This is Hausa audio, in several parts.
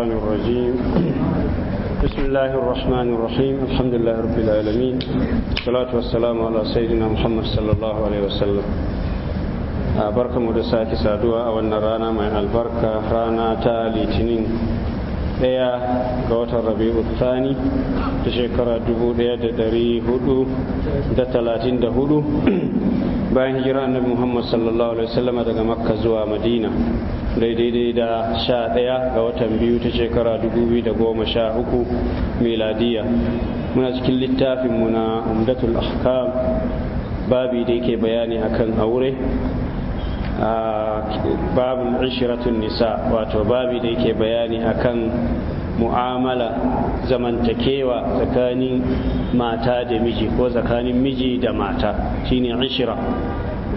الرحمن الرجيم بسم الله الرحمن الرحيم الحمد لله رب العالمين الصلاة والسلام على سيدنا محمد صلى الله عليه وسلم barka mu da sake saduwa a wannan rana mai albarka rana ta litinin ɗaya ga watan rabi'u thani ta shekara 1434 bayan hijira annabi muhammad sallallahu alaihi wasallam daga makka zuwa madina daidai da sha ɗaya ga watan biyu ta shekara dubu biyu da goma sha uku miladiya muna cikin mu na umdatul ahkam babi da yake bayani akan aure babin ishiratun nisa wato babi da yake bayani akan mu'amala zamantakewa tsakanin mata da miji ko tsakanin miji da mata shine ishira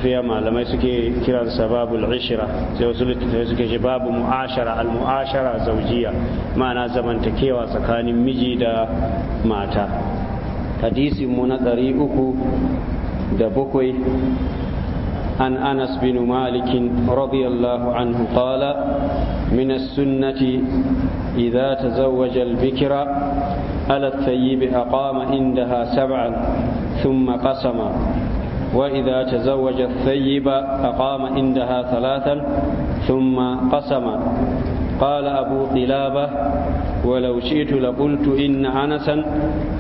fiya malamai suke kiransa babu ishira sai wasu littattafai suke shi babu mu'ashara al-mu'ashara zaujiya ma'ana zamantakewa tsakanin miji da mata hadisin mu na ɗari uku da bakwai an anas bin malikin رضي anhu عنه قال من السنة إذا تزوج البكر على الثيب أقام عندها سبعا ثم قسم وإذا تزوج الثيب أقام عندها ثلاثا ثم قسم قال أبو قلابة ولو شئت لقلت إن أنسا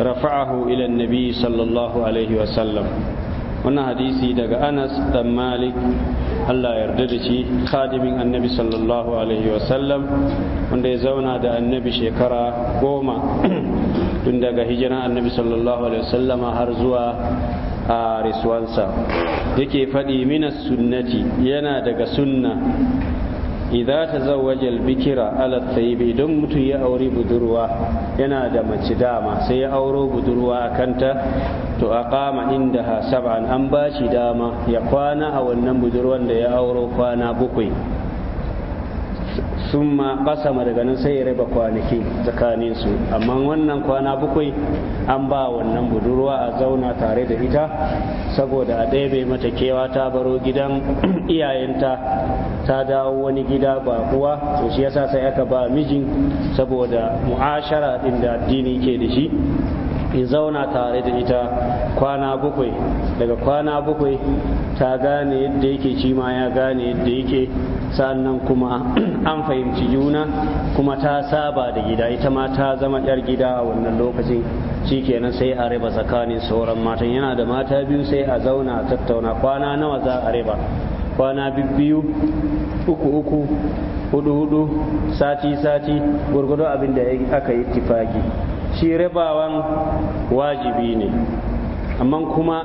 رفعه إلى النبي صلى الله عليه وسلم wannan hadisi daga anas dan malik allah yarda da shi khadimin annabi sallallahu alaihi wasallam wanda ya zauna da annabi shekara goma tun daga hijiran annabi sallallahu alaihi wasallama har zuwa a risuwansa yake faɗi mina sunnati yana daga sunna idza tazawwaja al-bikra ala thayyib idan mutum ya aure budurwa yana da mace dama sai ya auro budurwa a kanta to aqama indaha sab'an an bashi dama ya kwana a wannan budurwan da ya auro kwana bakwai sun ma daga nan sai ya raba kwanaki tsakanin su amma wannan kwana bakwai an ba wannan budurwa a zauna tare da ita saboda a ɗebe mata kewa ta baro gidan iyayenta ta dawo wani gida ba kuwa to shi yasa sai aka ba mijin saboda mu'ashara din da addini ke da shi in zauna tare da ita kwana bakwai daga kwana bakwai ta gane yadda yake shi ma ya gane yadda yake sannan kuma an fahimci juna kuma ta saba da gida ita ma ta zama yar gida a wannan lokacin kenan sai a riba tsakanin sauran matan yana da mata biyu sai a zauna a tattauna kwana nawa za a riba kwana biyu uku uku hudu hudu sati sati gurgudu abin da aka yi tifaki shi rabawan wajibi ne amma kuma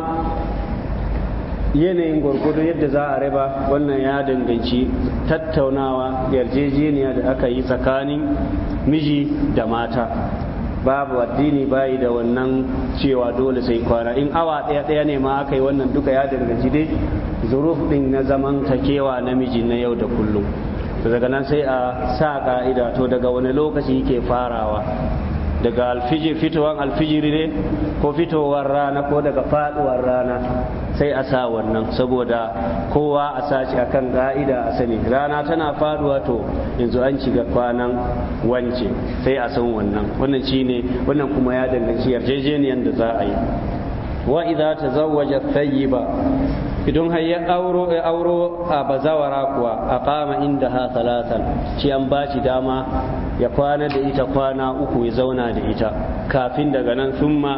yanayin gwargwado yadda za a raba wannan ya danganci tattaunawa yarjejeniya da aka yi tsakanin miji da mata babu addini bayi da wannan cewa dole sai kwana in awa ɗaya ɗaya ne ma aka yi wannan duka ya danganci dai zuruf ɗin na zaman takewa namiji na yau da kullum daga nan sai a sa ka'ida to daga wani lokaci yake farawa daga alfijir fitowar alfijiri ne ko fitowar rana ko daga faduwar rana sai a sa wannan saboda kowa a sashi akan ga'ida a sani rana tana faduwa to yanzu an shiga kwanan wance sai a san wannan wannan shi ne wannan kuma ya danganci yarjejeniyar da za a yi wa idza tazawwaja thayyiba idan har auro ya auro a bazawara kuwa a kama inda ha talatan ci an ba shi dama ya kwana da ita kwana uku ya zauna da ita kafin daga nan sun ma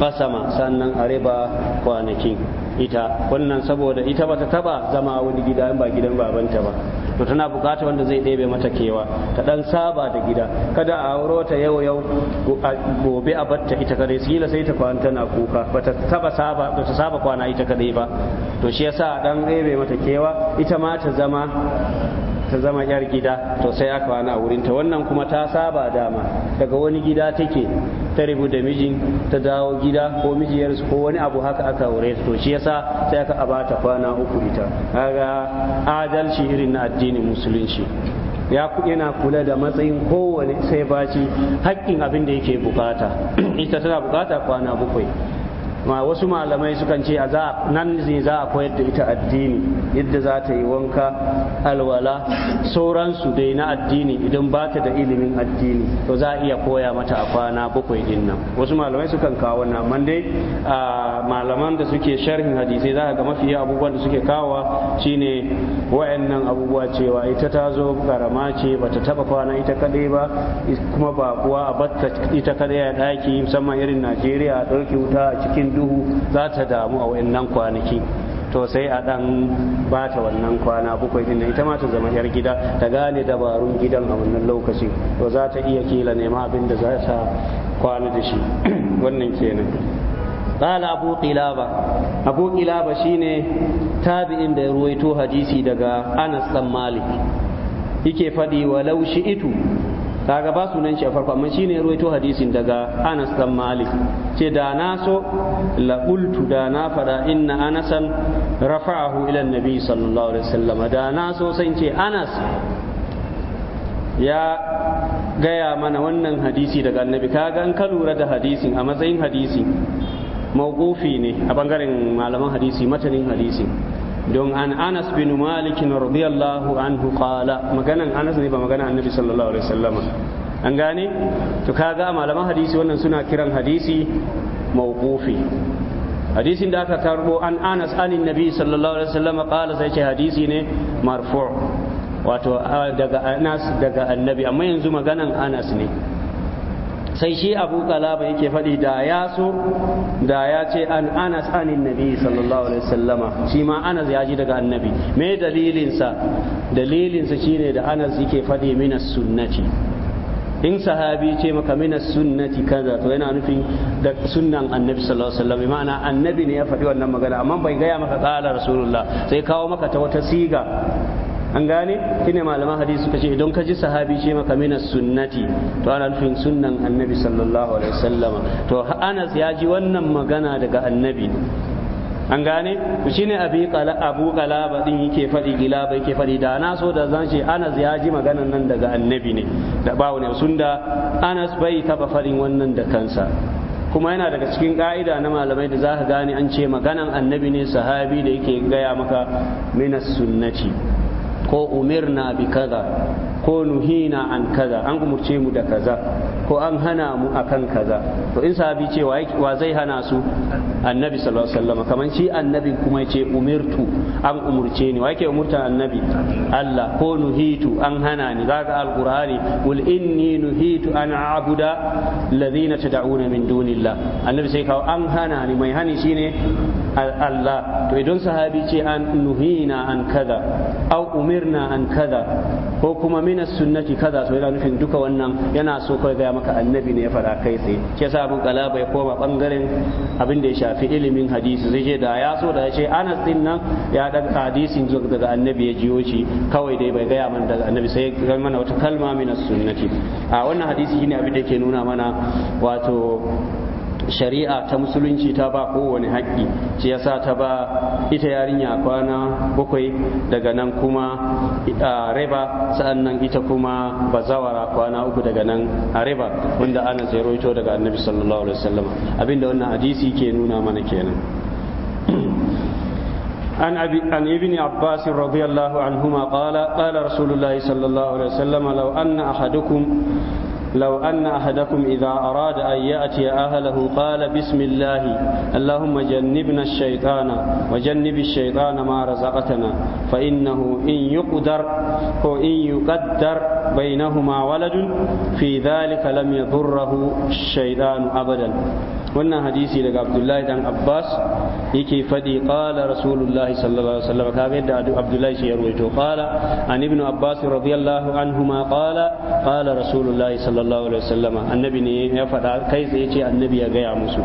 basama sannan a riba kwanakin ita wannan saboda ita bata taba zama wani gida ba gidan babanta ba to tana bukata wanda zai ɗebe mata kewa ta ɗan saba da gida kada a auro ta yau yau gobe a batta ita kadai sila sai ta kwanta tana kuka ba ta saba ta saba kwana ita kadai ba to shi yasa dan ɗebe mata kewa ita ma ta zama ta zama yar gida to sai aka wani a wurinta wannan kuma ta saba dama daga wani gida take ta rubu da mijin ta dawo gida ko mijiyarsu ko wani abu haka aka aure to shi yasa sai aka abata kwana uku ita kaga adalci irin na addinin musulunci ya yana kula da matsayin kowane sai baci haƙƙin abin da yake bukata ita tana bukata kwana bakwai ma wasu malamai sukan ce a nan ne za a koyar da ita addini yadda za ta yi wanka alwala sauransu dai na addini idan ba ta da ilimin addini to za a iya koya mata a kwana bakwai din nan wasu malamai sukan kawo nan mande dai malaman da suke sharhin hadisai za ga mafi abubuwan da suke kawo shine wayannan abubuwa cewa ita ta zo karama ce ba ta taba kwana ita kadai ba kuma ba kuwa a batta ita kadai a daki musamman irin Najeriya a ɗauki wuta a cikin duhu za ta damu a wayannan kwanaki to sai a dan ba ta wannan kwana bukwai din ita ma ta zama yar gida ta gane dabarun gidan a wannan lokaci to za ta iya kila nema abin da za ta kwana da shi wannan kenan قال أبو قلابة أبو قلابة شيني تابعين ده رويتو حديثي دقا أنس مالك yake faɗi walau itu. kaga ba sunan shi a farko amma shine ya ruwaito hadisin daga Anas dan Malik ce da na so la qultu da na fada inna Anasan rafa'ahu ila annabi sallallahu alaihi wasallam da na so san ce Anas ya gaya mana wannan hadisi daga annabi kaga an ka lura da hadisin a matsayin hadisi mawqufi ne a bangaren malaman hadisi matanin hadisi don an anas bin malik radiyallahu anhu qala maganan anas ne ba magana annabi sallallahu alaihi wasallam an gane to kaga malaman hadisi wannan suna kiran hadisi mawqufi hadisin da aka karbo an anas anin nabi sallallahu alaihi wasallam qala sai ce hadisi ne marfu' wato daga anas daga annabi amma yanzu maganan anas ne sai shi abu kalaba yake faɗi da ya so da ya ce an anas anin nabi sallallahu alaihi wasallama shi ma anas ya ji daga annabi me dalilinsa dalilinsa shine da anas yake faɗi min sunnati in sahabi ce maka min sunnati kaza to yana nufin da sunnan annabi sallallahu alaihi wasallam ma'ana annabi ne ya faɗi wannan magana amma bai gaya maka qala rasulullah sai kawo maka ta wata siga an gane ne malaman hadisi suka ce idan ka ji sahabi ce maka mina sunnati to ana nufin sunnan annabi sallallahu alaihi wasallama to Anas ya ji wannan magana daga annabi an gane to shine abi qala abu qalaba din yake fadi gilaba yake fadi da na so da zan ce Anas ya ji maganan nan daga annabi ne da bawo ne sun da Anas bai taba farin wannan da kansa kuma yana daga cikin ka'ida na malamai da za ka gane an ce maganan annabi ne sahabi da yake gaya maka minas sunnati ko umirna bi kaza ko nuhina an kaza an umurce mu da kaza ko an hana mu akan kaza to in sahabi ce wa zai hana su annabi sallallahu alaihi wasallam kaman shi annabi kuma ce umirtu an umurce ni wa yake umurta annabi Allah ko nuhitu an hana ni zaka alqur'ani wal inni nuhitu an a'buda alladhina tad'una min dunillah annabi sai kawo an hana ni mai hani shine Allah to idan sahabi ce an nuhina an kaza au umirna an kaza ko kuma mina sunnati kaza so yana nufin duka wannan yana so kai gaya maka annabi ne ya fara kai tsaye ke sa mun kalaba ya koma bangaren abin da ya shafi ilimin hadisi sai ce da ya so da ya ce anas din nan ya dan hadisin zuwa daga annabi ya jiyo shi kawai dai bai gaya mana daga annabi sai ya mana wata kalma mina sunnati a wannan hadisi shine abin da yake nuna mana wato shari'a ta musulunci ta ba kowane haƙƙi ya sa ta ba ita yarinya kwana bakwai daga nan kuma a reba sa'annan ita kuma bazawara kwana uku daga nan a reba wanda ana roito daga annabi sallallahu alaihi wasallam abinda wannan hadisi ke nuna mana kenan عن, أبي عن ابن عباس رضي الله عنهما قال قال رسول الله صلى الله عليه وسلم لو ان احدكم لو أن أحدكم إذا أراد أن يأتي أهله قال بسم الله اللهم جنبنا الشيطان وجنب الشيطان ما رزقتنا فإنه إن يقدر أو إن يقدر بينهما ولد في ذلك لم يضره الشيطان أبدا wannan hadisi daga abdullahi dan abbas yake faɗi ƙala rasulullahi sallallahu alaihi wasallam yadda abdullahi shi ya ruwaito ƙala an ibnu abbas radiyallahu anhuma ƙala ƙala rasulullahi sallallahu sallallahu alaihi wasallama annabi ne ya faɗa kai tsaye ce annabi ya gaya musu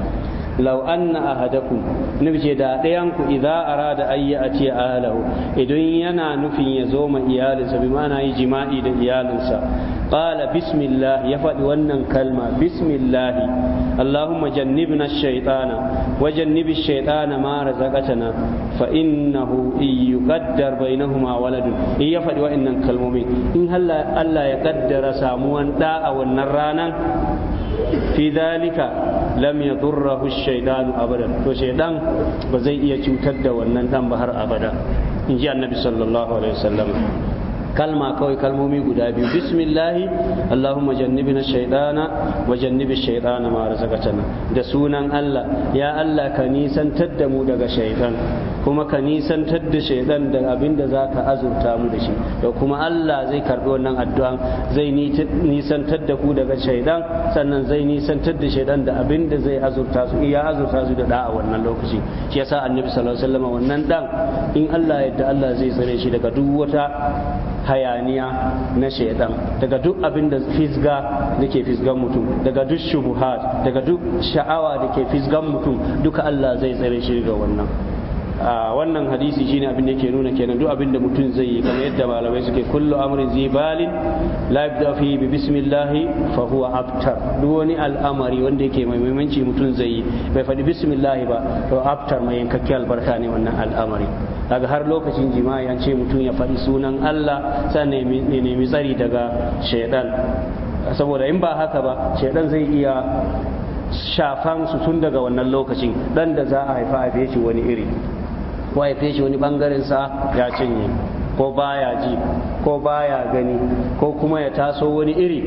law anna ahadakum nabi ce da ɗayan ku idza arada ayya ati ahlahu idan yana nufin ya zo ma iyalinsa bi ma'ana yi jima'i da iyalinsa qala bismillah ya faɗi wannan kalma bismillah allahumma jannibna ash-shaytana wa jannibi ash-shaytana ma razaqatana fa innahu yuqaddar bainahuma waladun in ya faɗi wa'annan kalmomi in Allah ya ƙaddara samuwan da a wannan rana fi lam turra hu shaytan abadan to shaydan ba zai iya cutar da wannan dan ba har abada in ji annabi sallallahu alaihi wasallam kalma kawai kalmomi guda biyu bismillahi allahumma jannibna shaytana wa jannibi shaytana ma razaqtana da sunan Allah ya Allah ka nisantar da mu daga shaytan kuma ka nisantar da shaytan da abin da zaka azurta mu da shi da kuma Allah zai karbi wannan addu'an zai nisantar da ku daga shaytan sannan zai nisantar da shaytan da abin da zai azurta su iya azurta su da da'a wannan lokaci shi yasa annabi sallallahu alaihi wasallam wannan dan in Allah yadda Allah zai tsare shi daga duk wata hayaniya na shaidan daga duk abin da fisga da ke fisgan mutum daga duk shubuhat daga duk sha'awa da ke fisgan mutum duka Allah zai tsare shi daga wannan wannan hadisi shine abin da yake nuna kenan duk abin da mutum zai yi kamar yadda malamai suke kullu amrin zibalin la yabda fi bi bismillah fa huwa abtar duk wani al'amari wanda yake mai muhimmanci mutum zai yi bai faɗi bismillah ba to abtar mai yankakken albarka ne wannan al'amari daga har lokacin jima'i an ce mutum ya faɗi sunan Allah sannan ya nemi tsari daga shaidan saboda in ba haka ba shaidan zai iya shafan su tun daga wannan lokacin dan da za a haifa a shi wani iri ko ya shi wani bangaren sa ya cinye ko baya ji ko baya gani ko kuma ya taso wani iri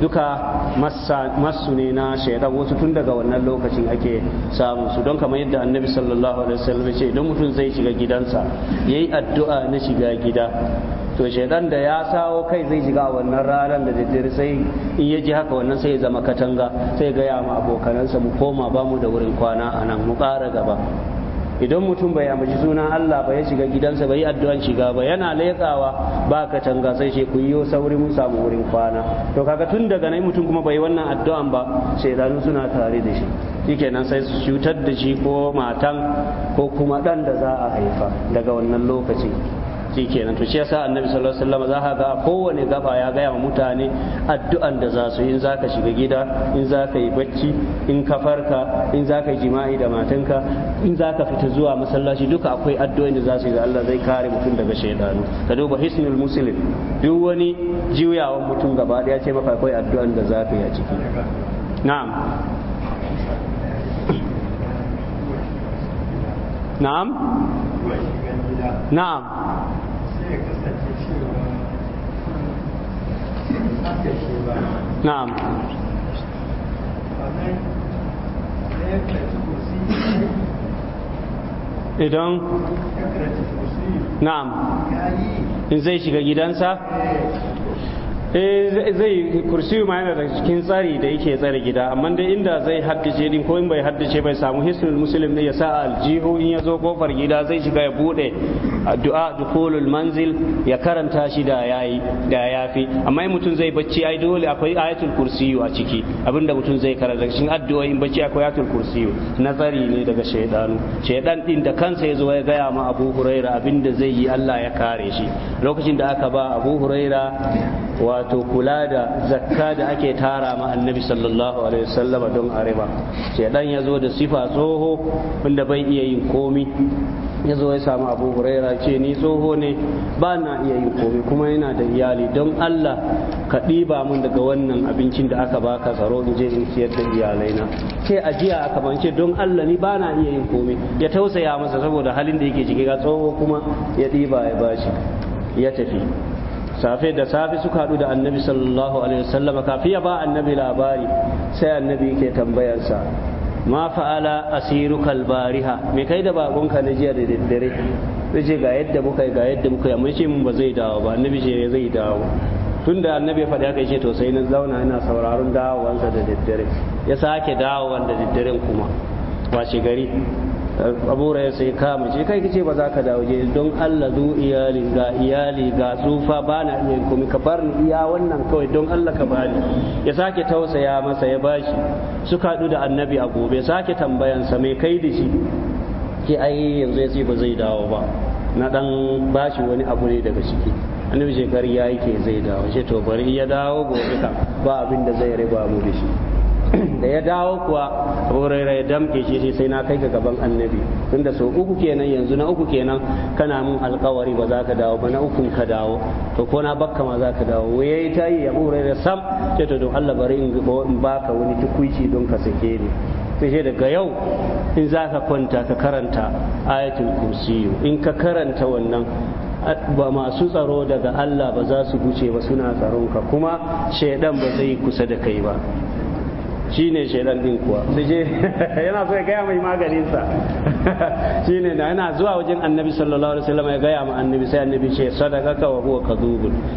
duka masu ne na shaidan wasu tun daga wannan lokacin ake samun su don kamar yadda annabi sallallahu alaihi wasallam ya ce idan mutum zai shiga gidansa yayi addu'a na shiga gida to shaidan da ya sawo kai zai shiga wannan ranar da daddare sai in ya ji haka wannan sai ya zama katanga sai gaya ma abokanansa mu koma ba mu da wurin kwana a nan mu ƙara gaba idan mutum bai amince sunan Allah ba ya shiga gidansa bai yi addu'an shiga ba yana leƙawa ba ka canga sai shi kun yi sauri mun samu wurin kwana to kaga tun daga nan mutum kuma bai wannan addu'an ba shaidanu suna tare da shi shikenan sai su cutar da shi ko matan ko kuma ɗan da za a haifa daga wannan lokaci mamaci kenan to shi yasa annabi sallallahu alaihi wasallam za ka ga kowane gaba ya gaya wa mutane addu'an da za su in za ka shiga gida in za ka yi bacci in ka farka in za ka yi jima'i da matanka in za ka fita zuwa masallaci duka akwai addu'an da za su yi da Allah zai kare mutum daga shaidanu ka duba hisnul muslim duk wani juyawan mutum gaba ya ce maka akwai addu'an da za ka yi a ciki na'am na'am na'am na'am idan na'am in zai shiga gidansa eh, zai kursi ma yana da cikin tsari da yake tsare gida amma dai inda zai haddace din ko in bai haddace bai samu hisnul muslim ne ya sa aljihu in ya zo kofar gida zai shiga ya bude addu'a dukhulul manzil ya karanta shi da yayi da yafi amma in mutum zai bacci ai dole akwai ayatul kursiyu a ciki abinda mutum zai karanta shin addu'o'in bacci akwai ayatul kursiyu nazari ne daga shaydanu shaydan din da kansa ya zo ya gaya ma Abu Huraira abinda zai yi Allah ya kare shi lokacin da aka ba Abu Huraira wato kula da zakka da ake tara ma annabi sallallahu alaihi wasallam don a riba shaydan ya zo da sifa tsoho wanda bai iya yin komi ya zo ya samu Abu Huraira ce ni tsoho ne ba na iya yin komai kuma yana da iyali don Allah ka ɗiba min daga wannan abincin da aka baka tsaro in je in siyar da iyalai na ke ajiya aka ban ce don Allah ni ba na iya yin komai ya tausaya masa saboda halin da yake ciki ga tsoho kuma ya ɗiba ya bashi ya tafi safe da safe suka haɗu da annabi sallallahu alaihi wasallam kafiya ba annabi labari sai annabi yake tambayarsa ma fa'ala asiru kalbariha me kai da bakonka na jiya da daddare zai ce ga yadda muka yi ga yadda muka yi mun ce mun ba zai dawo ba annabi ce zai dawo tun da annabi ya faɗi haka ce to sai na zauna ina sauraron dawowansa da daddare ya sake dawowan da daddaren kuma washe gari abu ya sai kama ce kai kace ba za ka dawo je don Allah zu iyali ga iyali ga tsufa ba na iya ka bar ni iya wannan kawai don Allah ka bani ya sake tausaya masa ya bashi su haɗu da annabi a gobe sake tambayansa mai kai da shi ke ai yanzu ya ce ba zai dawo ba na dan bashi wani abu ne daga ciki annabi shekaru ya yi ke zai dawo shi to bari ya dawo gobe ka ba abin da zai riba mu da shi da ya dawo kuwa horera ya damke shi sai na kai ga gaban annabi tunda so uku kenan yanzu na uku kenan kana mun alkawari ba za ka dawo ba na ukun ka dawo to ko na bakka ma za ka dawo ta yi ya horera sam ce to don Allah bari in baka wani tukuici don ka sake ni sai daga yau in za ka kwanta ka karanta ayatul kursiyu in ka karanta wannan ba masu tsaro daga Allah ba za su guce ba suna tsaronka kuma shaidan ba zai kusa da kai ba shi ne shaidan din kuwa sai yana so ya gaya mai maganinsa Shi ne da yana zuwa wajen annabi sallallahu alaihi wasallam ya gaya ma annabi sai annabi ce sadaka ka wa huwa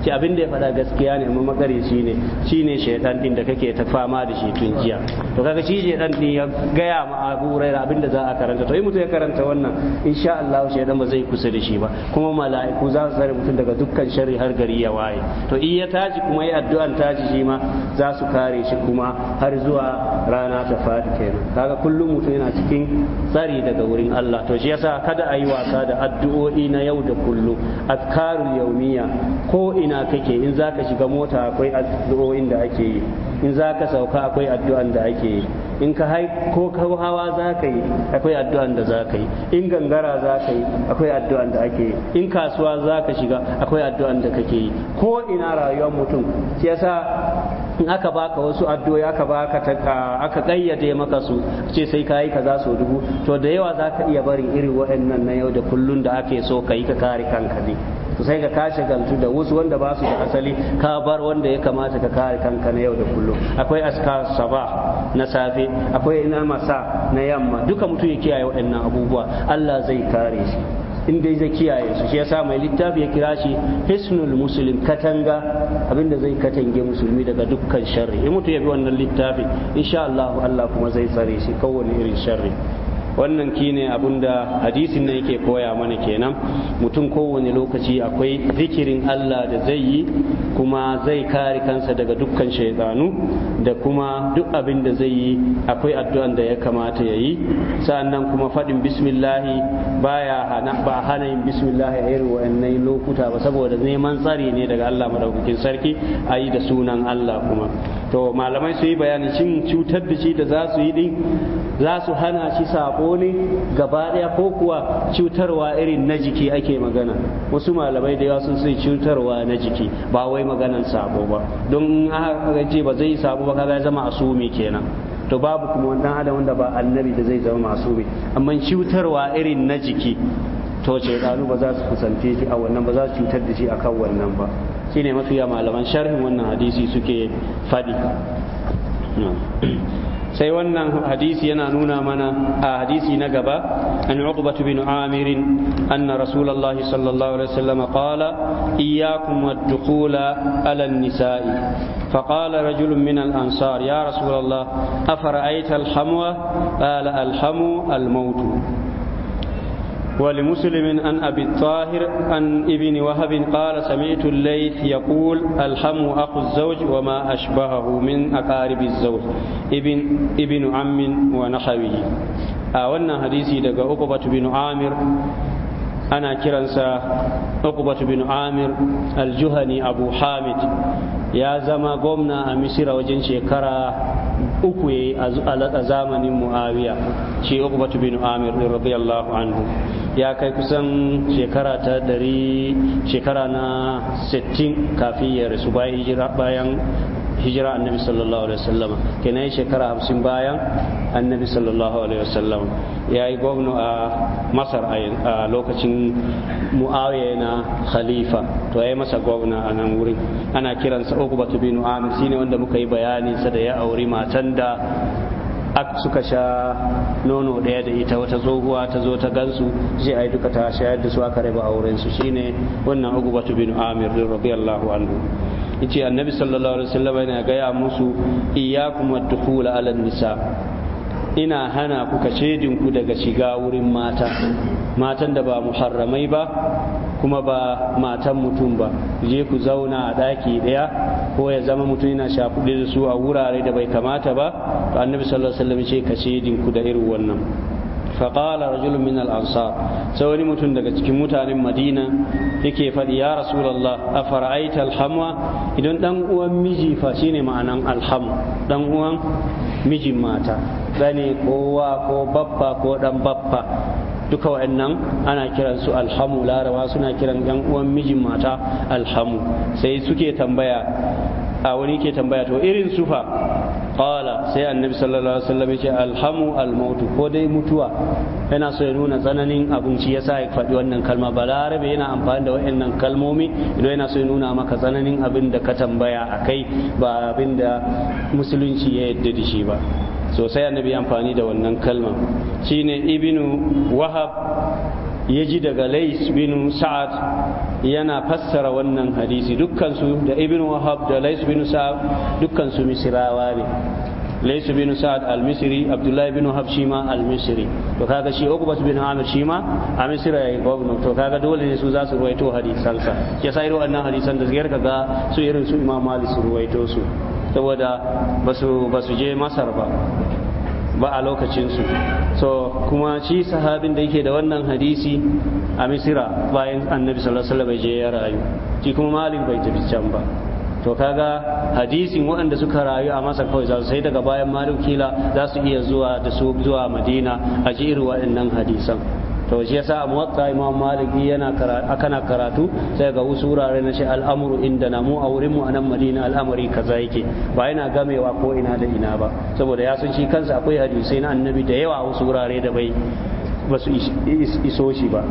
shi abin da ya faɗa gaskiya ne amma ne shi ne shaytan din da kake ta fama da shi tun jiya to kaga shi shaytan din ya gaya ma Abu Hurairah abin da za a karanta to in mutum ya karanta wannan insha Allah shaytan ba zai kusa da shi ba kuma mala'iku za su tsare mutum daga dukkan sharri har gari ya waye to in ya taji kuma yi addu'an taji shi ma za su kare shi kuma har zuwa rana ta fadi kenan kaga kullum mutum yana cikin tsari daga wurin Allah to shi yasa kada a yi wasa da addu'o'i na yau da kullu azkarul yaumiya ko ina kake in zaka shiga mota akwai addu'o'in da ake yi in zaka sauka akwai addu'an da ake yi in ka hai ko ka hawa za ka yi akwai addu'an da za ka yi in gangara za ka yi akwai addu'an da ake yi in kasuwa za ka shiga akwai addu'an da kake yi ko ina rayuwar mutum shi yasa in aka baka wasu addu'o'i aka baka aka kayyade maka su ce sai ka kayi kaza so dubu to da yawa za ka iya barin irin waɗannan na yau da kullun da ake so ka yi ka kare kanka ne to sai ka ka shagaltu da wasu wanda ba su da asali ka bar wanda ya kamata ka kare kanka na yau da kullum akwai aska saba na safe akwai ina masa na yamma duka mutum ya kiyaye waɗannan abubuwa Allah zai kare shi in dai zai kiyaye su shi yasa mai littafi ya kira shi hisnul muslim katanga abinda zai katange musulmi daga dukkan sharri in mutum ya bi wannan littafi insha Allah Allah kuma zai tsare shi kowane irin sharri wannan kine abun da hadisin nan yake koya mana kenan mutum kowane lokaci akwai zikirin Allah da zai yi kuma zai kare kansa daga dukkan shaidanu da kuma duk abin da zai yi akwai addu'an da ya kamata ya yi sa'annan kuma faɗin bismillahi baya hana ba hana yin bismillahi a irin wa'annan lokuta ba saboda neman tsari ne daga Allah madaukakin sarki a yi da sunan Allah kuma to malamai su yi bayani cin cutar da shi da za su yi din za su hana shi sabo ne gaba ɗaya ko kuwa cutarwa irin na jiki ake magana wasu malamai da yawa sun sai cutarwa na jiki ba wai maganan sabo ba don aka ce ba zai yi sabo ba kaga zama asumi kenan to babu kuma wani adam wanda ba annabi da zai zama masumi amma cutarwa irin na jiki to shaidanu ba za su kusance shi a wannan ba za su cutar da shi a kan wannan ba shine mafiya malaman sharhin wannan hadisi suke fadi sai wannan hadisi yana nuna mana a hadisi na gaba an uqbatu bin amir anna rasulullahi sallallahu alaihi wasallam qala iyyakum wad-dukhula ala an-nisa'i فقال رجل من الأنصار يا رسول الله أفرأيت الحموة قال الحمو الموت ولمسلم عن أبي الطاهر عن ابن وهب قال سمعت الليث يقول الحم أخو الزوج وما أشبهه من أقارب الزوج ابن, ابن عم ونحوه a wannan hadisi daga Uqbatu bin Amir ana kiransa Uqbat bin Amir al-Juhani Abu Hamid ya zama gwamna a Misira wajen shekara uku yayi a zamanin Muawiya shi Uqbat bin Amir radiyallahu anhu ya kai kusan shekara ta dari shekara na 60 kafin ya rasu bayan hijira annabi sallallahu alaihi wasallam kenan shekara hamsin bayan annabi sallallahu alaihi wasallam ya yi gwamna a masar a lokacin muawiya na khalifa to ya masa gwamna a nan wurin ana kiransa uku batu bin amir shine wanda muka yi bayanin sa da ya auri matan da Ak suka sha nono ɗaya da ita wata tsohuwa ta zo ta gansu shi ai duka ta shayar da su aka raba auren su shine wannan Uqbatu bin Amir radiyallahu anhu yace annabi sallallahu alaihi wasallam yana gaya musu iyyakum ad-dukhul ala nisa ina hana ku kacedinku daga shiga wurin mata matan da ba muharramai ba kuma ba matan mutum ba je ku zauna a ɗaki ɗaya ko ya zama mutum yana shafuɗe da su a wurare da bai kamata ba to annabi sallallahu alaihi wasallam ce kacedinku da irin wannan فقال رجل من الأنصار سوني mutum daga cikin mutanen Madina yake faɗi ya Rasulullah afara'aita alhamwa idan dan uwan miji fa shine ma'anan alham dan uwan mijin mata gani kowa ko babba ko dan babba duka wa'annan ana kiran su alhamu larawa suna kiran yan uwan mijin mata alhamu sai suke tambaya a wani ke tambaya to irin sufa qala sai annabi sallallahu alaihi wasallam yace alhamu almautu ko dai mutuwa yana so ya nuna tsananin abinci yasa ya faɗi wannan kalma balarabe yana amfani da wa'annan kalmomi idan yana so ya nuna maka tsananin abin da ka tambaya akai ba abin da musulunci ya yadda da shi ba so sai annabi amfani da wannan kalma shine ibnu wahab ya ji daga lais bin sa'ad yana fassara wannan hadisi dukkansu da ibn wahab da lais bin sa'ad dukkansu misirawa ne lais bin sa'ad al-misri abdullahi bin wahab shi ma al-misri to kaga shi ukbat bin amir shi ma a misra yayi gwamnati to kaga dole ne su za su ruwaito hadisansa ya sai wannan hadisan da ziyar kaga su irin su imam malik su ruwaito su saboda basu basu je masar ba ba a lokacinsu so kuma shi sahabin da yake da wannan hadisi a misira bayan annabi sallallahu alaihi wasallam ya rayu shi kuma malin bai tafi can ba to kaga hadisin waɗanda suka rayu a masa kawai za su sai daga bayan malin kila za su iya zuwa da su zuwa madina a ji irin waɗannan hadisan to shi yasa muwatta imam maliki yana akana karatu sai ga wasu wurare na shi al'amuru inda na mu a wurin mu a nan madina al'amari kaza yake ba yana gamewa ko ina da ina ba saboda ya san shi kansa akwai hadisai na annabi da yawa a wasu wurare da bai ba su iso shi ba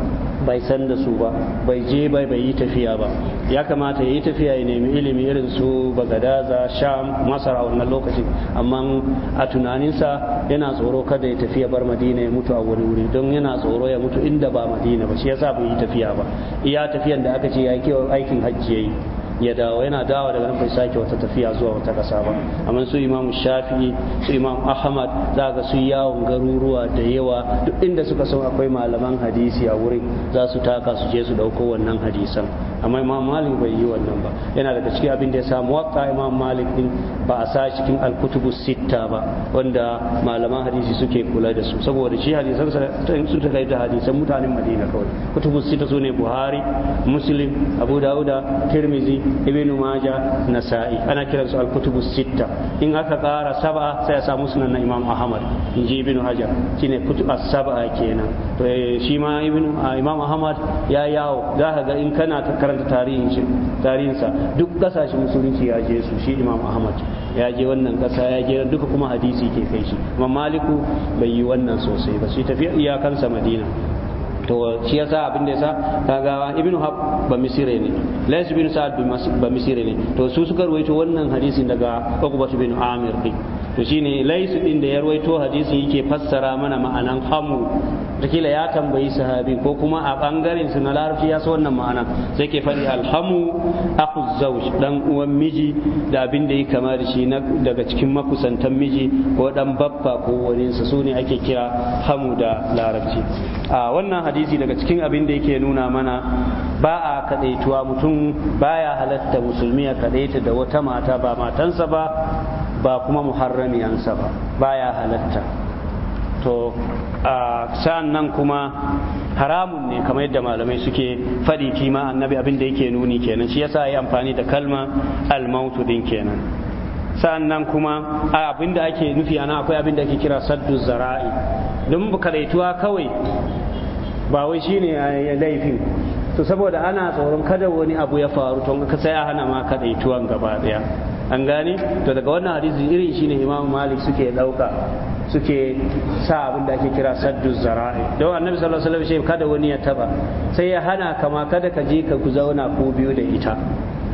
bai san da su ba bai je bai bai yi tafiya ba ya kamata yi tafiya ya nemi ilimi irin su bagadaza sham masar a wannan lokacin amma a tunaninsa yana tsoro kada ya tafiya bar madina ya mutu a wani wuri don yana tsoro ya mutu inda ba madina ba shi yasa bai yi tafiya ba iya tafiyan da aka ce ya kewa aikin hajji ya yi ya dawo yana dawo daga nan bai sake wata tafiya zuwa wata kasa ba amma su Imam Shafi su imam ahmad za ga su yawon garuruwa da yawa duk inda suka san akwai malaman hadisi a wurin za su taka su je su ɗauko wannan hadisan amma imam malik bai yi wannan ba yana daga cikin abin da ya samu waka imam malik din ba a sa cikin alkutubu sitta ba wanda malaman hadisi suke kula da su saboda shi hadisan su ta kai da hadisan mutanen madina kawai kutubu sitta sune buhari muslim abu dauda tirmizi ibnu maja nasa'i ana kiran su alkutubu sitta in aka kara saba sai a samu sunan na imam ahmad in ji hajar shine kutubu as-saba kenan to eh, shi ma ibnu ah, imam ahmad ya yawo za ka ga in kana karanta sa duk kasashen musulunci ya je su shi imam ahmad ya je wannan kasa ya je duka kuma hadisi ke kai shi amma maliku bai yi wannan sosai ba shi tafi iyakansa madina to shi yasa abin da yasa kaga ibnu hab ba misire ne lais ibn sa'ad ba misire ne to su suka ruwaito wannan hadisin daga uqba bin amir din to shine laisu din da ya ruwaito hadisin yake fassara mana ma'anan hamu kila ya tambayi sahabi ko kuma a bangaren su na larabci ya wannan ma'ana sai ke faɗi alhamu aku zauj dan uwan miji da abin da ya kama da shi daga cikin makusantan miji ko dan babba ko wani su sune ake kira hamu da larabci a wannan hadisi daga cikin abin da yake nuna mana ba a kadaituwa mutum baya halatta musulmi ya kadaita da wata mata ba matansa ba ba kuma muharramiyansa ba baya halatta to sa'an nan kuma haramun ne kamar yadda malamai suke faɗi kima annabi abin da yake nuni kenan shi yasa yi amfani da kalma almautu din kenan sa'an nan kuma abin da ake nufi ana akwai abin da ake kira saddu zara'i don kadaituwa kawai ba wai shine eh, laifin to saboda ana tsoron kada wani abu ya faru to ka sai hana ma kadaituwan gaba daya an gane to daga wannan hadisi irin shine imamu malik suke dauka suke sa abin da ake kira saddu zara'i don annabi sallallahu alaihi wasallam kada wani ya taba sai ya hana kama kada ka je ka ku zauna ku biyu da ita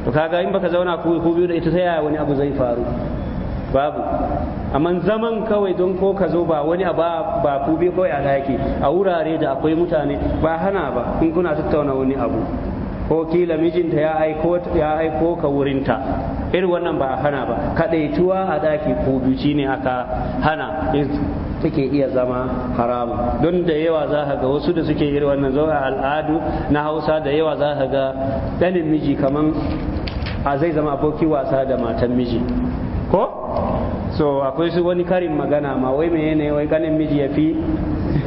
to kaga in baka zauna ku biyu da ita sai ya wani abu zai faru babu amma zaman kawai don ko ka zo ba wani ba ku bi kawai a daki a wurare da akwai mutane ba hana ba in kuna tattauna wani abu ko kila mijinta ya aiko ya aiko ka wurinta irin wannan ba hana ba kadaituwa a daki ko duci ne aka hana take iya zama haramu don da yawa za ka ga wasu da suke irin wannan zo al'adu na hausa da yawa za ka ga ɗanin miji kaman a zai zama aboki wasa da matan miji so akwai su wani karin magana ma wai me ne wai kanin miji ya fi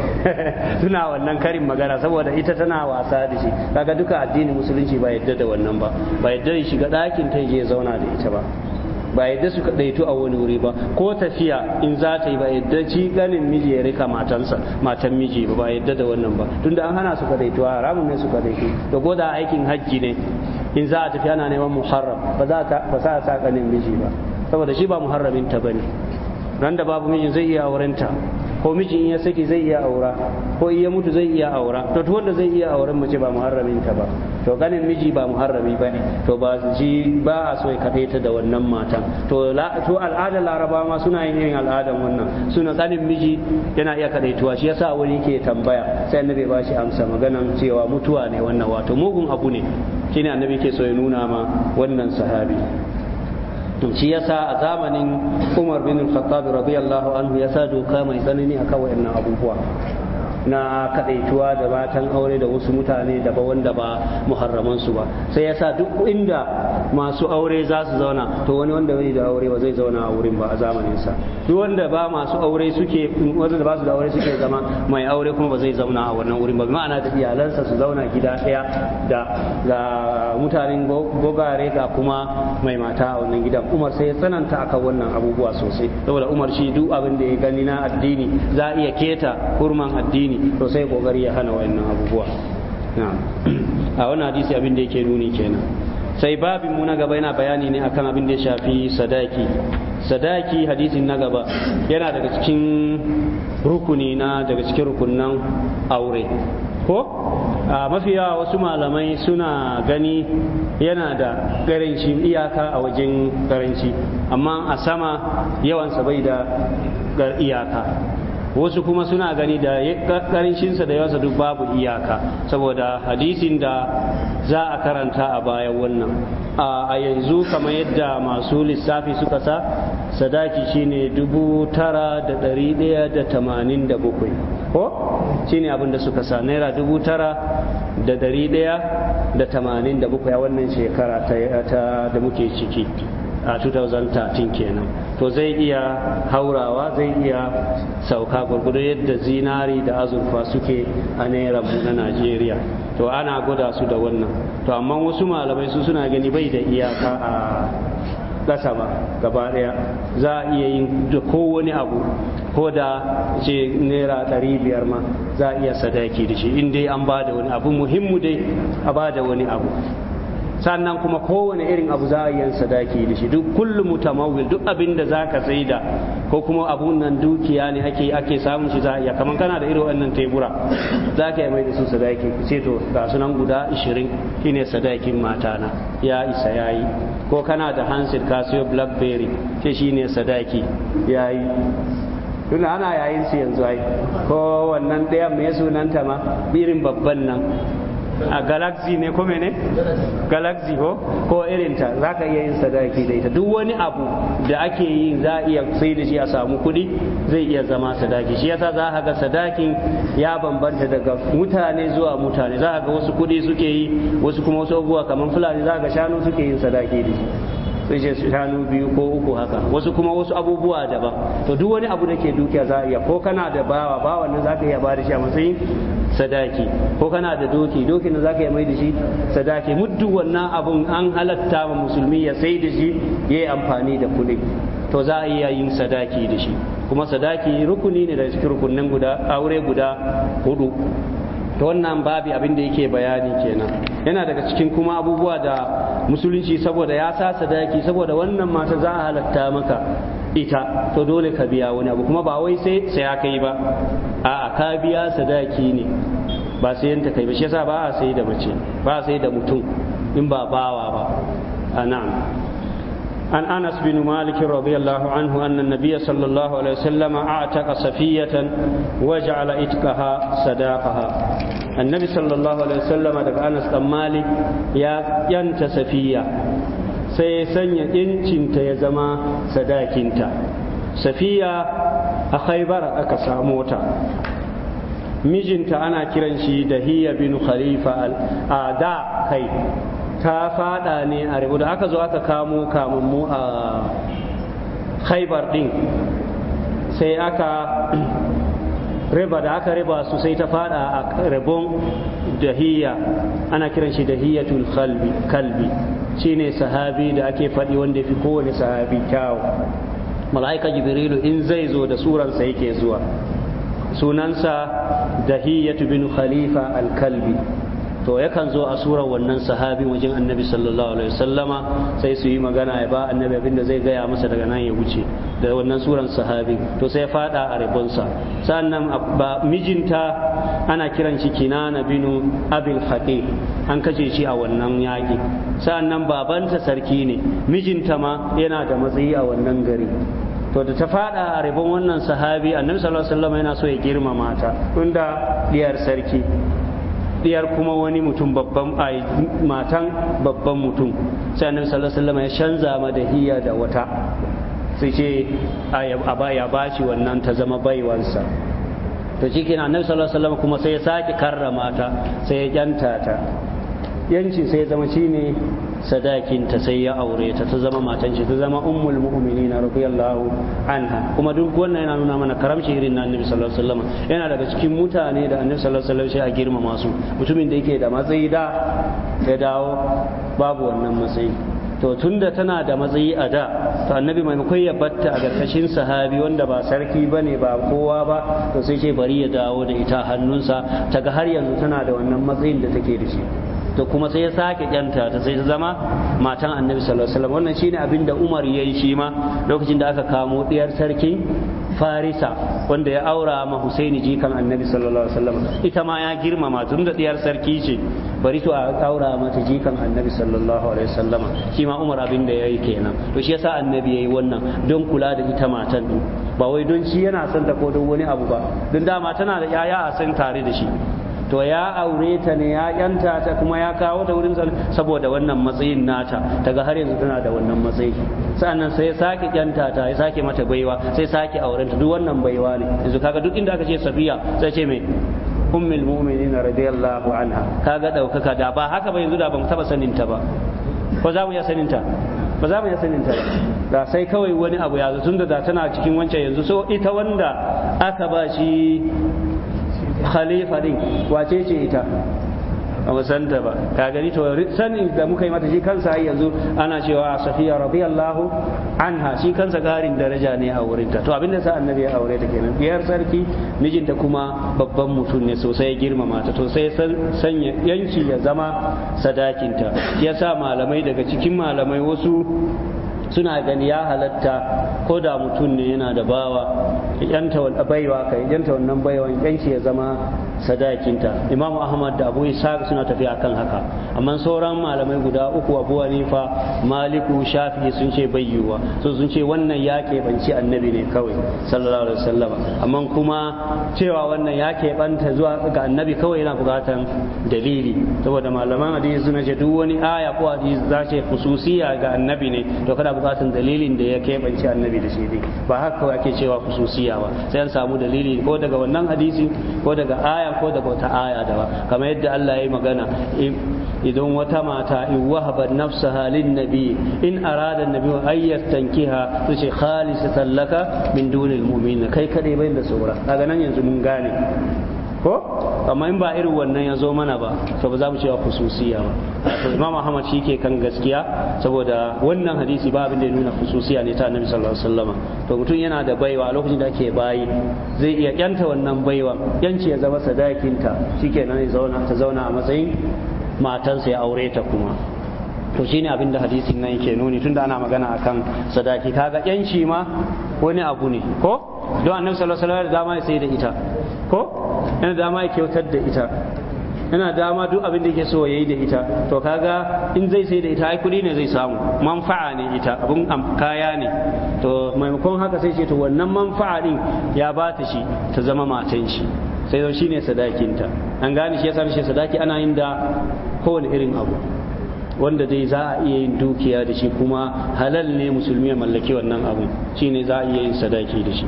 suna wannan karin magana saboda ita tana wasa da shi kaga duka addinin musulunci ba yadda da wannan ba ba yadda shi shiga ɗakin ta je zauna da ita ba ba yadda su ɗaitu a wani wuri ba ko tafiya in za ta yi ba yadda ci ganin miji ya rika matansa matan miji ba ba yadda da wannan ba tunda an hana su a haramun ne su ɗaitu da ko aikin hajji ne in za a tafi na neman muharram ba za a sa ganin miji ba saboda shi ba muharramin ta bane nan da babu mijin zai iya aurenta ko mijin ya saki zai iya aura ko iya mutu zai iya aura to duk wanda zai iya auren mace ba muharramin ba to ganin miji ba muharrami bane to ba ji ba a so ya ta da wannan matan to to al'ada laraba ma suna yin irin al'adan wannan suna ganin miji yana iya kadaituwa shi yasa wani ke tambaya sai annabi ba shi amsa maganan cewa mutuwa ne wannan wato mugun abu ne shine annabi ke so ya nuna ma wannan sahabi to shi yasa a zamanin Umar bin Al-Khattab radiyallahu anhu yasa doka mai tsanani akan wayannan abubuwa na kadaituwa da matan aure da wasu mutane da ba wanda ba muharraman su ba sai yasa duk inda masu aure za su zauna to wani wanda bai da aure ba zai zauna a wurin ba a zamanin sa duk wanda ba masu aure suke wanda ba su da aure suke zama mai aure kuma ba zai zauna a wannan wurin ba ma'ana da iyalansa su zauna gida daya da ga mutanen gogare ga kuma mai mata a wannan gidan umar sai ya tsananta akan wannan abubuwa sosai saboda umar shi duk abin da ya gani na addini za a iya keta hurman addini addini to sai kokari ya hana wayannan abubuwa a wannan hadisi abin da yake nuni kenan sai babin mu na gaba yana bayani ne akan abin da ya shafi sadaki sadaki hadisin na gaba yana daga cikin rukuni na daga cikin rukunnan aure ko a mafiya wasu malamai suna gani yana da karanci iyaka a wajen karanci amma a sama yawansa bai da iyaka wasu kuma suna gani da ƙaranshinsa da yawansa duk babu iyaka saboda hadisin da za a karanta a bayan wannan a yanzu kamar yadda masu lissafi suka sa sadaki shine dubu tara da ɗari ɗaya da tamanin da bakwai ko shine abin da suka sa naira dubu tara da ɗari ɗaya da tamanin da bakwai a wannan shekara ta da muke ciki a 2013 kenan to zai iya haurawa zai iya sauka gurgudu yadda zinari da azurfa suke a naira na najeriya to ana gwada su da wannan to amma wasu malamai su suna gani bai da iyaka a ƙasa ba gaba ɗaya za a iya yin da kowane abu ko da ce naira ɗari biyar ma za a iya sadaki da shi in dai an ba da wani abu muhimmu dai a ba da wani abu sannan kuma kowane irin abu za a yi sadaki da shi duk kullum mutamawil duk abin da zaka saida ko kuma abun nan dukiya ne ake ake samun shi za a iya kamar kana da irin wannan tebura za ka yi mai da su sadaki sai to ga sunan guda 20 shine sadakin mata na ya isa yayi ko kana da handset ka siyo blackberry ke shine sadaki yayi tun ana yayin su yanzu ai ko wannan ɗaya mai sunanta ma birin babban nan a galaxy ne ko mene galaxy ko ko irinta za ka iya yin sadaki da ita duk wani abu da ake yi za a iya sai da shi a samu kuɗi zai iya zama sadaki shi yasa za a ga sadakin ya bambanta daga mutane zuwa mutane za a ga wasu kuɗi suke yi wasu kuma wasu abubuwa kamar fulani za a ga shanu suke yin sadaki da shi sai ce shanu biyu ko uku haka wasu kuma wasu abubuwa daban to duk wani abu da ke dukiya za a iya ko kana da bawa bawan nan za ka iya bada shi a matsayin sadaki ko kana da doki doki nan za ka iya mai da shi sadaki muddu wannan abun an halatta wa musulmi ya sai da shi ya yi amfani da kuɗi to za a iya yin sadaki da shi kuma sadaki rukuni ne da cikin rukunin guda aure guda hudu to wannan babi abin da yake bayani kenan yana daga cikin kuma abubuwa da musulunci saboda ya sa sadaki saboda wannan mata za a halatta maka ita to dole ka biya wani abu kuma ba wai sai sai saya kai ba a'a ka biya sadaki ne ba sayan ta kai ba shi yasa ba a sai da mace ba a sai da mutum in ba bawa ba anan عن انس بن مالك رضي الله عنه ان النبي صلى الله عليه وسلم اعتق صفيه وجعل اتقها صداقها annabi sallallahu alaihi wasallama daga anas dan malik ya yanta safiya sai ya sanya incinta ya zama sadakinta safiya a khaibara aka samo ta mijinta ana kiran shi da hiya bin khalifa da kai ta fada ne a ribu da aka zo aka kamo mu a khaibar din sai aka riba da aka riba su sai ta fada a rabon dahiya ana kiran shi dahiyatul kalbi kalbi shine sahabi da ake faɗi wanda fi kowane sahabi kyawu mala'ika jibrilu in zai zo da suransa yake zuwa sunansa dahiyatu bin khalifa al-kalbi to yakan zo a surar wannan sahabi wajen annabi sallallahu alaihi wasallama sai su yi magana ya ba annabi abin da zai gaya masa daga nan ya wuce da wannan suran sahabi to sai fada a rabonsa sannan ba mijinta ana kiran shi kinana binu abil haqi an kace shi a wannan yaki sannan babanta sarki ne mijinta ma yana da matsayi a wannan gari to da ta fada a rabon wannan sahabi annabi sallallahu alaihi wasallama yana so ya girmama ta tunda diyar sarki diyar kuma wani mutum babban ai matan babban mutum sai annabi sallallahu alaihi wasallam ya canza madahiya da wata sai ce a baya bashi wannan ta zama baiwansa to cikin annabi sallallahu alaihi wasallam kuma sai ya sake karrama ta sai ya kyanta ta yanci sai ya zama shine Sadakin ta sai ya aure ta ta zama matan shi ta zama ummul na radiyallahu anha kuma duk wannan yana nuna mana karamci irin na annabi sallallahu alaihi wasallam yana daga cikin mutane da annabi sallallahu alaihi wasallam sai a girmama su mutumin da yake da matsayi da ya dawo babu wannan matsayi to tunda tana da matsayi a da to annabi kai ya batta a karkashin sahabi wanda ba sarki ba ba kowa ba to sai ce bari ya dawo da ita hannunsa ta ga har yanzu tana da wannan matsayin da take da shi to kuma sai ya sake kyanta ta sai ta zama matan annabi sallallahu alaihi wannan shine abin da Umar yayi shi ma lokacin da aka kamo diyar sarki Farisa wanda ya aura ma Husaini jikan annabi sallallahu alaihi wasallam ita ma ya girmama tun da diyar sarki ce bari to a aura mata jikan annabi sallallahu alaihi wasallam shi ma Umar abin da yayi kenan to shi yasa annabi yi wannan don kula da ita matan ba wai don shi yana son ta ko don wani abu ba don dama tana da yaya a san tare da shi to ya aure ta ne ya yanta ta kuma ya kawo ta wurin saboda wannan matsayin nata daga har yanzu tana da wannan matsayi sannan sai ya sake yanta ta ya sake mata baiwa sai sake auren ta duk wannan baiwa ne yanzu kaga duk inda aka ce safiya sai ce me ummul mu'minina radiyallahu anha kaga daukaka da ba haka ba yanzu da ban taba sanin ta ba ko za mu iya sanin ta ba za mu iya sanin ta da sai kawai wani abu ya zo tunda da tana cikin wancan yanzu so ita wanda aka ba shi khalifa din wace ce ita a musanta ba ka gani to sanin da muka yi mata shi kansa har yanzu ana cewa safiya radiyallahu anha shi kansa karin daraja ne a wurinta to abinda sa annabi ya aure ta kenan biyar sarki mijinta kuma babban mutum ne sosai ya girmama ta to sai sanya yanki ya zama sadakinta ya sa malamai daga cikin malamai wasu suna gani ya halatta ko da mutum ne yana da bawa yanta wannan baiwa ka yanta wannan baiwan yanci ya zama sadakinta imamu ahmad da abu ishaq suna tafiya akan haka amma sauran malamai guda uku abu hanifa maliku shafi'i sun ce bayyuwa so sun ce wannan ya keɓanci annabi ne kawai sallallahu alaihi wasallam amma kuma cewa wannan ya keɓanta zuwa ga annabi kawai yana buƙatan dalili saboda malaman hadisi suna ce duk wani aya ko hadisi za ce khususiya ga annabi ne to kana buƙatan dalilin da ya keɓanci annabi da shi ba haka ake cewa khususiya ba sai an samu dalili ko daga wannan hadisi ko daga aya aya ko daga wata aya daban kamar yadda Allah ya yi magana idan wata mata in wahaba nafsaha halin nabi in arada nabi an tankiha su ce tallaka laka min dunil mu'minin kai kadai bai da saura daga nan yanzu mun gane ko amma in ba irin wannan ya zo mana ba to ba za mu cewa khususiya ba to imam ahmad shi ke kan gaskiya saboda wannan hadisi ba abin da ya nuna khususiya ne ta annabi sallallahu alaihi wasallam to mutum yana da baiwa a lokacin da ake bayi zai iya kyanta wannan baiwa yanci ya zama sadakinta shikenan ya zauna ta zauna a matsayin matansa ya aure ta kuma to shine abin da hadisin nan yake nuni tunda ana magana akan sadaki kaga yanci ma wani abu ne ko don annabi sallallahu alaihi wasallam da zama sai da ita ko yana dama ya kyautar da ita yana dama duk abin da yake so yayi da ita to kaga in zai sai da ita ai kuɗi ne zai samu manfa'a ne ita abun kaya ne to maimakon haka sai ce to wannan manfa'a din ya ba ta shi ta zama matan shi sai zo shine sadakinta an gane shi yasa shi sadaki ana yin da kowane irin abu wanda dai za a iya yin dukiya da shi kuma halal ne musulmi ya mallaki wannan abu shine za a iya yin sadaki da shi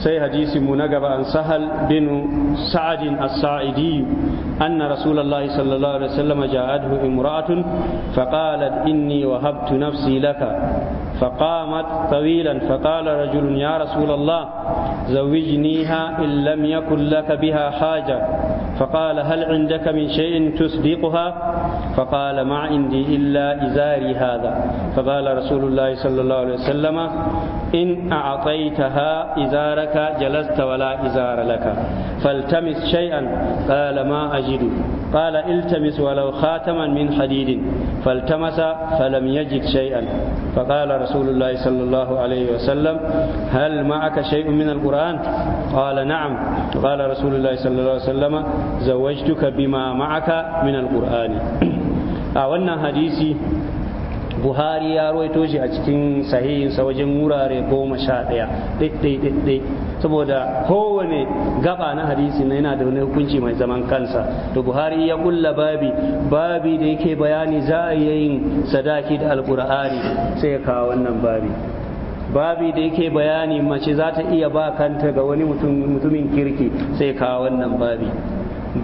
سي حديث mu na gaba سهل بن سعد sa'adin ان رسول الله صلى الله عليه وسلم جاءته امراه فقالت اني وهبت نفسي لك فقامت طويلا فقال رجل يا رسول الله زوجنيها إن لم يكن لك بها حاجة فقال هل عندك من شيء تصدقها فقال ما عندي إلا إزاري هذا فقال رسول الله صلى الله عليه وسلم إن أعطيتها إزارة لك جلست ولا إزار لك فالتمس شيئا قال ما أجد قال التمس ولو خاتما من حديد فالتمس فلم يجد شيئا فقال رسول الله صلى الله عليه وسلم هل معك شيء من القرآن قال نعم قال رسول الله صلى الله عليه وسلم زوجتك بما معك من القرآن أولنا آه، حديثي buhari ya roito shi a cikin sahihinsa wajen wurare goma sha ɗaya ɗaiɗaiɗaiɗai saboda kowane gaba na hadisi na yana da wani hukunci mai zaman kansa to buhari ya kulla babi babi da yake bayani za a yin sadaki da alkur'ani sai ya kawo wannan babi babi da yake bayani mace za ta iya ba kanta ga wani mutumin kirki sai ya kawo wannan babi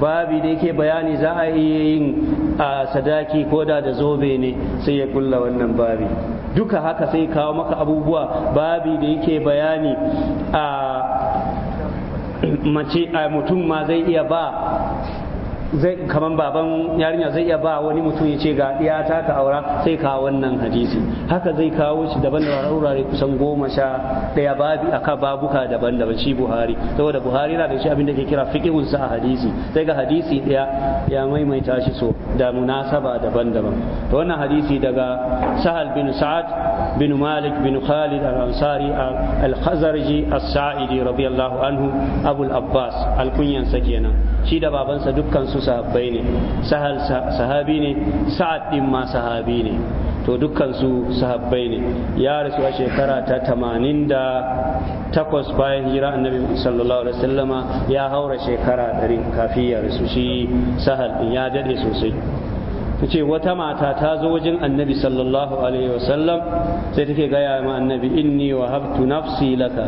babi da yake bayani za a iya yin a sadaki ko da da zobe ne sai ya kulla wannan babi duka haka sai kawo maka abubuwa babi da yake bayani a mace a mutum ma zai iya ba zai kaman baban yarinya zai iya ba wani mutum ya ce ga ɗiya ta ka aura sai ka wannan hadisi haka zai kawo shi daban da wurare kusan goma sha ɗaya babi aka babuka daban daban shi buhari saboda buhari na da shi abin da ke kira fiqhun sa hadisi sai ga hadisi ɗaya ya maimaita shi so da munasaba daban daban to wannan hadisi daga sahal bin sa'ad bin malik bin khalid al-ansari al-khazarji as-sa'idi radiyallahu anhu abul abbas al kenan shi da babansa dukkan su su sahabbai ne sahal sahabi ne sa'ad din ma sahabi ne to dukkan su sahabbai ne ya rasu a shekara ta tamanin da takwas bayan hira annabi sallallahu alaihi wasallama ya haura shekara ɗari kafin ya rasu shi sahal din ya dade sosai ce wata mata ta zo wajen annabi sallallahu alaihi wasallam sai take gaya ma annabi inni wa habtu nafsi laka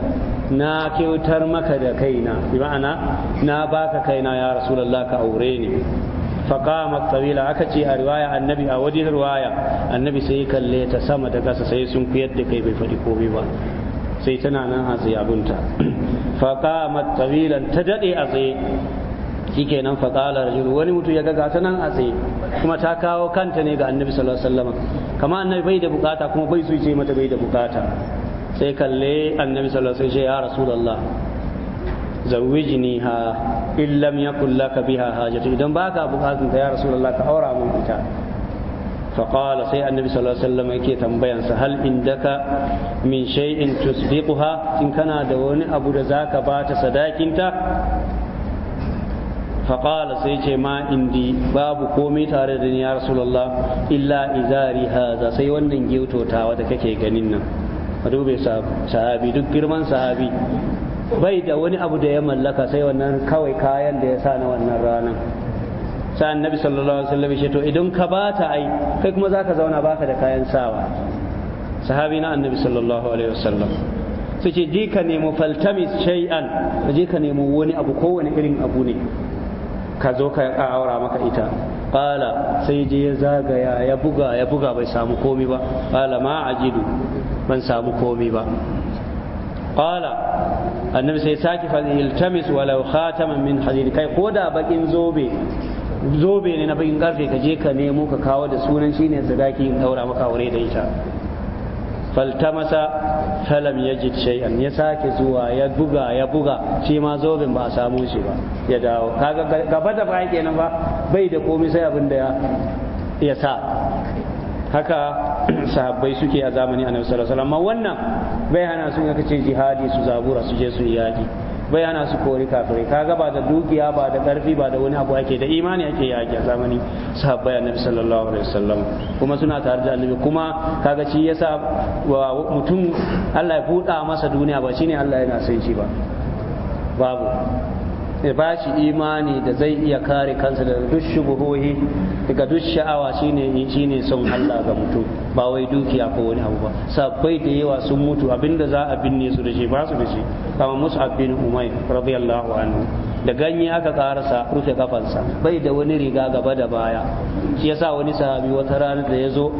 na kyautar maka da kaina bi ma'ana na baka kaina ya rasulullah ka aure ni faqama tawila aka ce a riwaya annabi a wajen riwaya annabi sai kalle ta sama da kasa sai sun kuyar da kai bai faɗi komai ba sai tana nan a tsaye abunta faqama tawilan ta dade a tsaye shikenan fa qala rajul wani mutum ya ga gata nan a tsaye kuma ta kawo kanta ne ga annabi sallallahu alaihi wasallam kama annabi bai da bukata kuma bai so ce mata bai da bukata sai kalle annabi sallallahu alaihi wasallam ya rasulullah zawwijniha in lam yakul laka biha hajatu idan baka bukatun ta ya rasulullah ka aura mun ita فقال سي النبي صلى الله عليه وسلم yake tambayan sa hal indaka min shay'in tusbiquha in kana da wani abu da zaka bata sadakinta faƙala sai ce ma indi babu komai tare da ni ya rasulullah illa izari haza sai wannan gyototawa da kake ganin nan a dube sahabi duk girman sahabi bai da wani abu da ya mallaka sai wannan kawai kayan da ya sa na wannan ranar sai nabi sallallahu alaihi wasallam ya to idan ka bata ai kai kuma zaka zauna baka da kayan sawa sahabi na annabi sallallahu alaihi wasallam su ce je ka nemo faltamis shay'an je ka nemo wani abu ko wani irin abu ne ka zo ka aura maka ita qala sai je ya zagaya ya buga ya buga bai samu komi ba qala ma ajidu ban samu komi ba qala annabi sai saki fa iltamis walau khataman min hadid kai koda bakin zobe zobe ne na bakin karfe ka je ka nemo ka kawo da sunan shine sadaki in aura maka aure da ita faltamasa falam yajid shay'an ya sake zuwa ya buga ya buga shi ma zobin ba a samu shi ba ya dawo kaga gaba da bayan kenan ba bai da komai sai abin da ya sa haka sahabbai suke a zamanin annabi sallallahu alaihi wasallam wannan bai hana su ga kace jihadi su zabura su je su yaki bai ana su kori kafirai kaga ba da dukiya ba da karfi ba da wani abu ake da imani ake yi a zamani sahabbai annabi sallallahu alaihi wasallam kuma suna tare da annabi kuma kaga shi yasa mutum Allah ya buɗa masa duniya ba shine Allah yana son shi ba babu ya ba shi imani da zai iya kare kansa daga duk shubuhohi daga duk sha'awa shine shine son Allah ga mutum ba wai dukiya ko wani abu ba sabbai da yawa sun mutu abinda za a binne su da shi ba su da shi kamar mus'ab bin umayr radiyallahu anhu da ganye aka karasa rufe kafansa bai da wani riga gaba da baya shi yasa wani sahabi wata rana da ya zo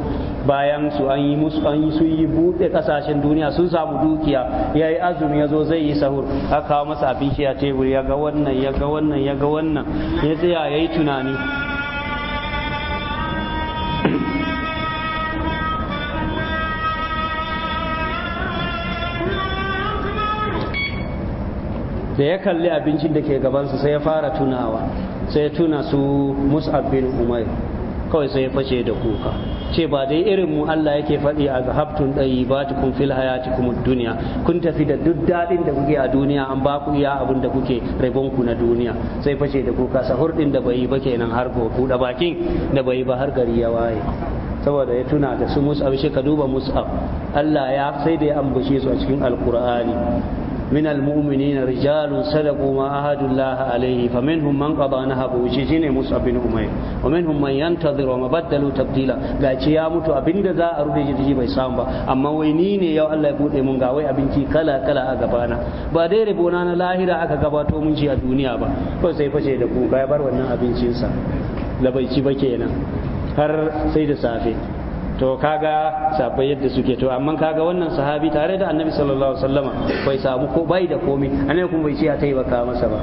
bayan su an yi musu an yi su yi buɗe kasashen duniya sun samu dukiya ya yi azumi ya zo zai yi sahur aka kawo masa abinci a tebur ya ga wannan ya ga wannan ya ga wannan ya tsaya ya tunani da ya kalli abincin da ke gabansa sai ya fara tunawa sai ya tuna su mus'ab bin umar kawai sai ya fashe da kuka ce ba dai irin mu Allah yake faɗi a zahabtun ɗayi ba kun fil hayati kuma duniya kun tafi da duk daɗin da kuke a duniya an ba ku iya abin da kuke rabon ku na duniya sai fashe da kuka sahur ɗin da bai yi ba kenan har ko da bakin da bai yi ba har gari ya waye saboda ya tuna da su mus'ab shi ka duba mus'ab Allah ya sai da ya ambace su a cikin alkur'ani من المؤمنين رجال صدقوا ما عهدوا الله عليه فمنهم من قضى نهبه شيء مصعب بن أمير ومنهم من ينتظر وما بدلوا تبديلا gaci ya mutu abinda za a rufe shi bai samu ba amma wai ni ne yau Allah ya bude mun ga wai abinci kala kala a gabana ba dai rabona na lahira aka gabato mun shi a duniya ba kawai sai fashe da ya bar wannan abincinsa da bai ci ba kenan har sai da safe to kaga safai yadda suke to amma kaga wannan sahabi tare da annabi sallallahu alaihi wasallama bai samu ko bai da komai annabi kuma bai ce ya taimaka masa ba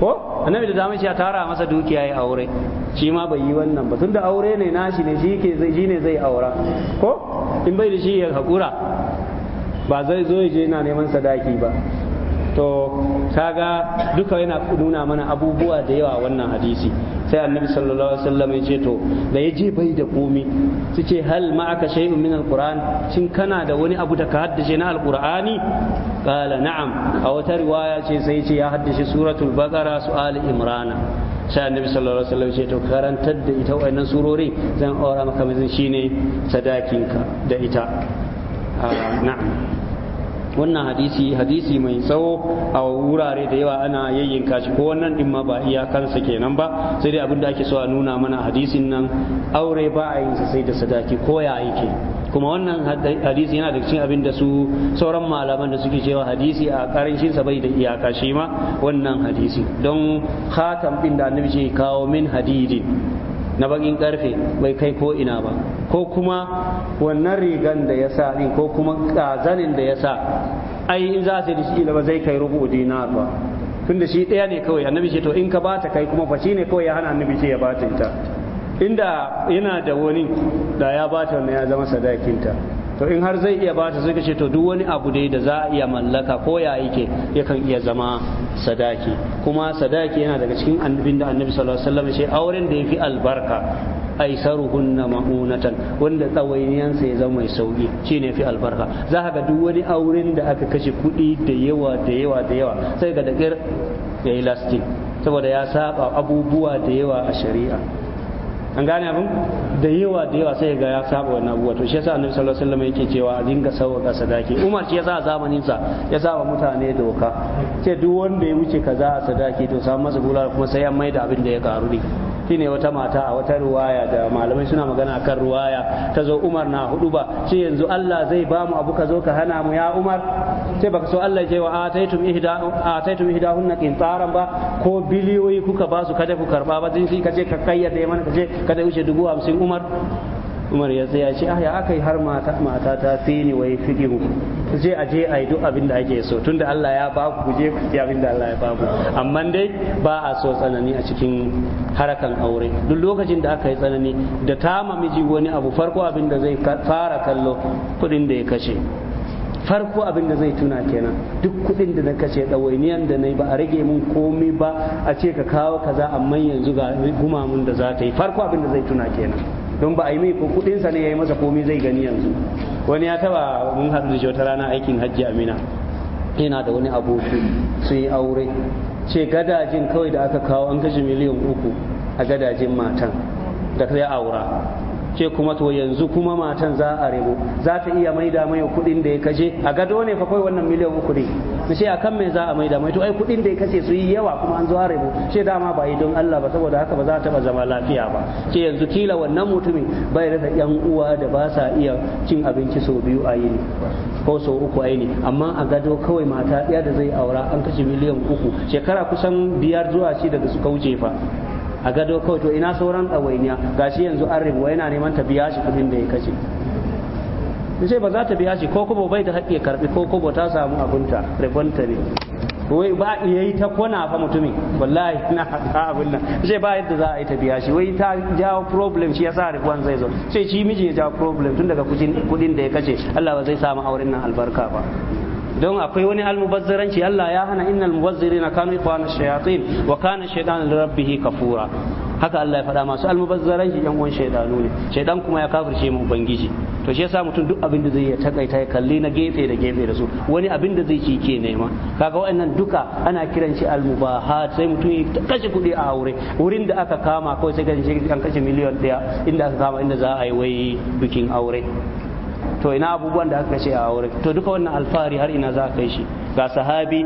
ko annabi da dama ce ya tara masa dukiya ya aure shi ma bai yi wannan ba tunda aure ne nashi ne shi ke zai ne zai aura ko in bai da shi ya hakura ba zai zo ya je yana neman sadaki ba to kaga duka yana nuna mana abubuwa da yawa wannan hadisi sai annabi sallallahu alaihi wasallam ya ce to da ya bai da komi su ce hal ma'aka shay'un min alquran shin kana da wani abu da ka haddace na alqurani qala na'am a wata riwaya ce sai ce ya haddace suratul baqara su ali imrana sai annabi sallallahu alaihi wasallam ce to karantar da ita wayannan surori zan aura maka mazin shine ka da ita na'am wannan hadisi hadisi mai tsawo a wurare da yawa ana yayyanka shi ko wannan din ma ba iyakansa kenan ba sai dai abin da ake so a nuna mana hadisin nan aure ba a yin sa sai da sadaki ko ya yake kuma wannan hadisi yana da cikin abin da su sauran malaman da suke cewa hadisi a karancin sa bai da iyaka shi ma wannan hadisi don khatam din da annabi ce kawo min hadidin na bakin karfe bai kai ko ina ba ko kuma wannan rigan da ya sa ko kuma kazanin da ya sa ai in za su yi shi ba zai kai rubu dinar ba tunda shi ɗaya ne kawai annabi ce to in ka bata kai kuma fa ne kawai ya hana annabi ce ya bata ita inda yana da wani da ya bata wannan ya zama sadakinta to in har zai iya bata sai kace to duk wani abu dai da za a iya mallaka ko ya yake yakan iya zama sadaki kuma sadaki yana daga cikin annabin da annabi sallallahu alaihi wasallam ce auren da yafi albarka aisaruhunna ma'unatan wanda tsawainiyansa ya zama mai sauki shine fi albarka za ka ga duk wani auren da aka kashe kuɗi da yawa da yawa da yawa sai ga da kir ya yi lasting saboda ya saba abubuwa da yawa a shari'a an gane abin da yawa da yawa sai ga ya saba wannan abuwa to shi yasa annabi sallallahu alaihi wasallam yake cewa a dinga sauƙaƙa sadaki Umar shi yasa a zamanin sa ya saba mutane doka ce duk wanda ya wuce kaza a sadaki to samu masa gura kuma sai ya maida abin da ya karu ne shine wata mata a wata ruwaya da malamai suna magana akan ruwaya ta zo Umar na hudu ba shi yanzu Allah zai ba mu abu ka zo ka hana mu ya Umar sai baka so Allah ya ce wa ataitum ihda ataitum ihdahunna qintaran ba ko biliyoyi kuka ba su kada ku karba ba din shi kace ka kayyade mana kace kada wuce dubu hamsin Umar Umar ya tsaya ce ah ya akai har mata mata ta fini wai fiqhu ku je aje a yi duk abin da ake so tunda Allah ya ba ku je ku yi abin da Allah ya ba ku amma dai ba a so tsanani a cikin harakan aure duk lokacin da aka yi tsanani da ta mamiji wani abu farko abin da zai fara kallo kuɗin da ya kashe farko abin da zai tuna kenan duk kuɗin da na kashe ɗawainiyan da na yi ba a rage mun komai ba a ce ka kawo kaza amma yanzu ga gumamun da za ta yi farko abin da zai tuna kenan don ba a yi mai kudinsa ne ya yi masa komai zai gani yanzu wani ya taba mun haɗu da wata rana aikin hajji amina yana da wani aboki sun yi aure ce gadajin kawai da aka kawo an kashe miliyan uku a gadajin matan da ta aura ce kuma to yanzu kuma matan za a rebo za ta iya maida mai kuɗin da ya kaje a gado ne fa kai wannan miliyan uku ne na ce akan mai za a maida mai to ai kuɗin da ya kashe su yi yawa kuma an zo a rebo ce dama ba yi don Allah ba saboda haka ba za ta zama lafiya ba ce yanzu kila wannan mutumin bai rasa yan uwa da ba sa iya cin abinci sau biyu a yini ko sau uku a yini amma a gado kawai mata ɗaya da zai aura an kashe miliyan uku shekara kusan biyar zuwa shida da suka wuce fa a gado kawai to ina sauran ɗawainiya gashi yanzu an rigo yana neman ta biya shi kuɗin da ya kashe ta ce ba za ta biya shi ko kobo bai da haƙƙi karɓi ko kobo ta samu abunta rabonta ne wai ba ya yi ta kona fa mutumin wallahi na ta abin nan ce ba yadda za a yi ta biya shi wai ta jawo problem shi yasa ribuwan zai zo sai shi miji ya jawo problem tun daga kuɗin da ya kashe Allah ba zai samu auren nan albarka ba don akwai wani almubazzaranci Allah ya hana innal mubazzirina kanu ikhwana shayatin wa kana shaytanu lirabbih kafura haka Allah ya faɗa masu almubazzaranci yan uwan shaydanu ne shaydan kuma ya kafirce mu ubangiji to shi yasa mutum duk abin da zai ya takaita ya kalli na gefe da gefe da su wani abin da zai ci ke nema kaga wa'annan duka ana kiran shi almubahat sai mutum ya kashe kuɗi a aure wurin da aka kama kawai sai an kashe miliyan ɗaya inda aka kama inda za a yi wai bikin aure to ina abubuwan da aka ce a wurin to duka wannan alfahari har ina za ka kai shi ga sahabi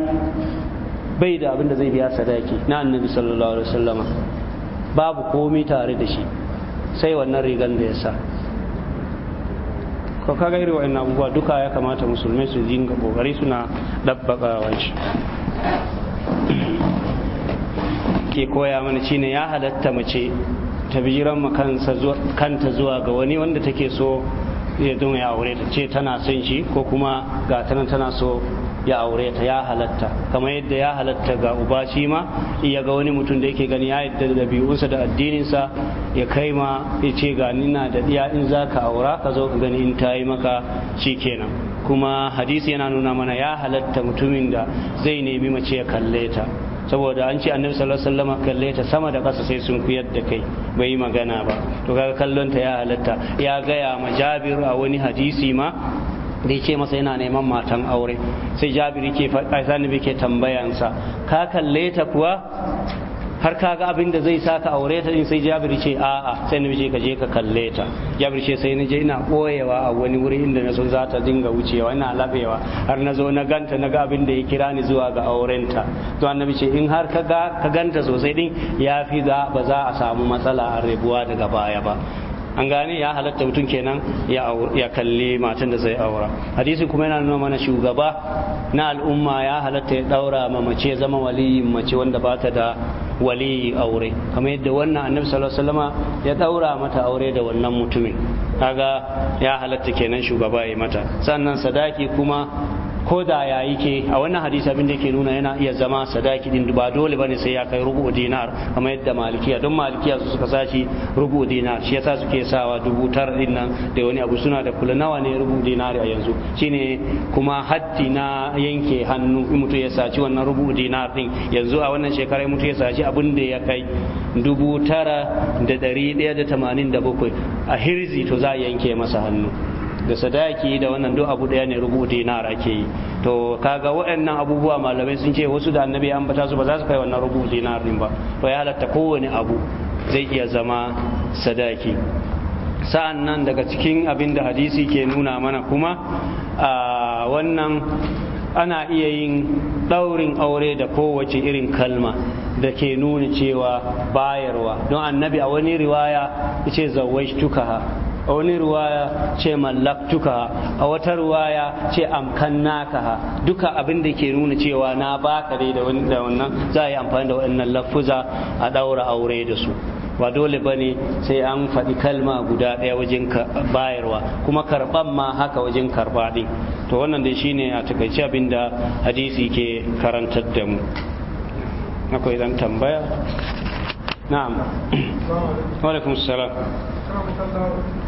bai da abin da zai biya sadaki na annabi sallallahu alaihi wasallama babu komai tare da shi sai wannan rigan da ya sa ko kaga irin abubuwa duka ya kamata musulmai su dinga kokari suna dabbaka wanci ke koya mana shine ya halatta mace ta bijiran kanta zuwa ga wani wanda take so zai don ya aure ta ce tana son shi ko kuma ga tanan tana so ya aure ta ya halatta kamar yadda ya halatta ga uba shi ma iya ga wani mutum da yake gani ya yadda da dabi'unsa da addininsa ya kai ma ya ce ga nina da iya in za ka aura ka zo ka gani in ta yi maka shi kenan kuma hadisi yana nuna mana ya halatta mutumin da zai nemi mace ya kalle ta saboda an ce annabi sallallahu alaihi wasallam kalle ta sama da ƙasa sai sun fiyar da kai bai magana ba to kaga kallon ta ya halatta ya gaya ma Jabir a wani hadisi ma da yake masa yana neman matan aure sai Jabir yake faɗa ke tambayansa ka kalle ta kuwa har ka ga abin da zai sa ka aure ta din sai jabir ce a'a sai na je ka je ka kalle ta jabir ce sai na je ina koyewa a wani wuri inda na so za ta dinga wucewa ina labewa har na zo na ganta na ga abin da ya kira ni zuwa ga aurenta to annabi ce in har ka ga ka ganta sosai din ya fi za ba za a samu matsala a rabuwa daga baya ba an gane ya halatta mutum kenan ya kalli matan da zai aura hadisi kuma yana nuna mana shugaba na al'umma ya halatta ya daura ma mace zama waliyin mace wanda ba ta da waliyi aure kamar yadda wannan annabi sallallahu alaihi wasallama ya daura mata aure da wannan mutumin kaga ya halatta kenan shugaba ya mata sannan sadaki kuma ko da ya yi ke a wannan hadisi abin da yake nuna yana iya zama sadaki din ba dole bane sai ya kai rubu dinar kamar yadda malikiya don malikiya su suka sashi rubu dinar shi yasa suke sawa dubu tar din nan da wani abu suna da kula nawa ne rubu dinar a yanzu shine kuma haddi na yanke hannu in mutu ya saci wannan rubu dinar din yanzu a wannan shekarar mutu ya saci abin da ya kai dubu tara da ɗari ɗaya da tamanin da bakwai a hirzi to za a yanke masa hannu da sadaki da wannan duk abu daya ne rubu dinar ake yi to kaga waɗannan abubuwa malamai sun ce wasu da annabi an bata su ba za su kai wannan rubu dinar din ba to ya halatta kowane abu zai iya zama sadaki sa'an nan daga cikin abin da hadisi ke nuna mana kuma a wannan ana iya yin ɗaurin aure da kowace irin kalma da ke nuna cewa bayarwa don annabi a wani riwaya ya ce zawai tuka a wani ruwaya ce mallaktuka a wata ruwaya ce amkannaka duka abin da ke nuna cewa na baka dai da wannan za a yi amfani da wannan lafuza a ɗaura aure da su ba dole ba ne sai an faɗi kalma guda ɗaya wajen bayarwa kuma karɓan ma haka wajen karɓa ɗin to wannan dai shine a takaice abin da hadisi ke karantar da mu akwai ɗan tambaya na'am wa alaikum salam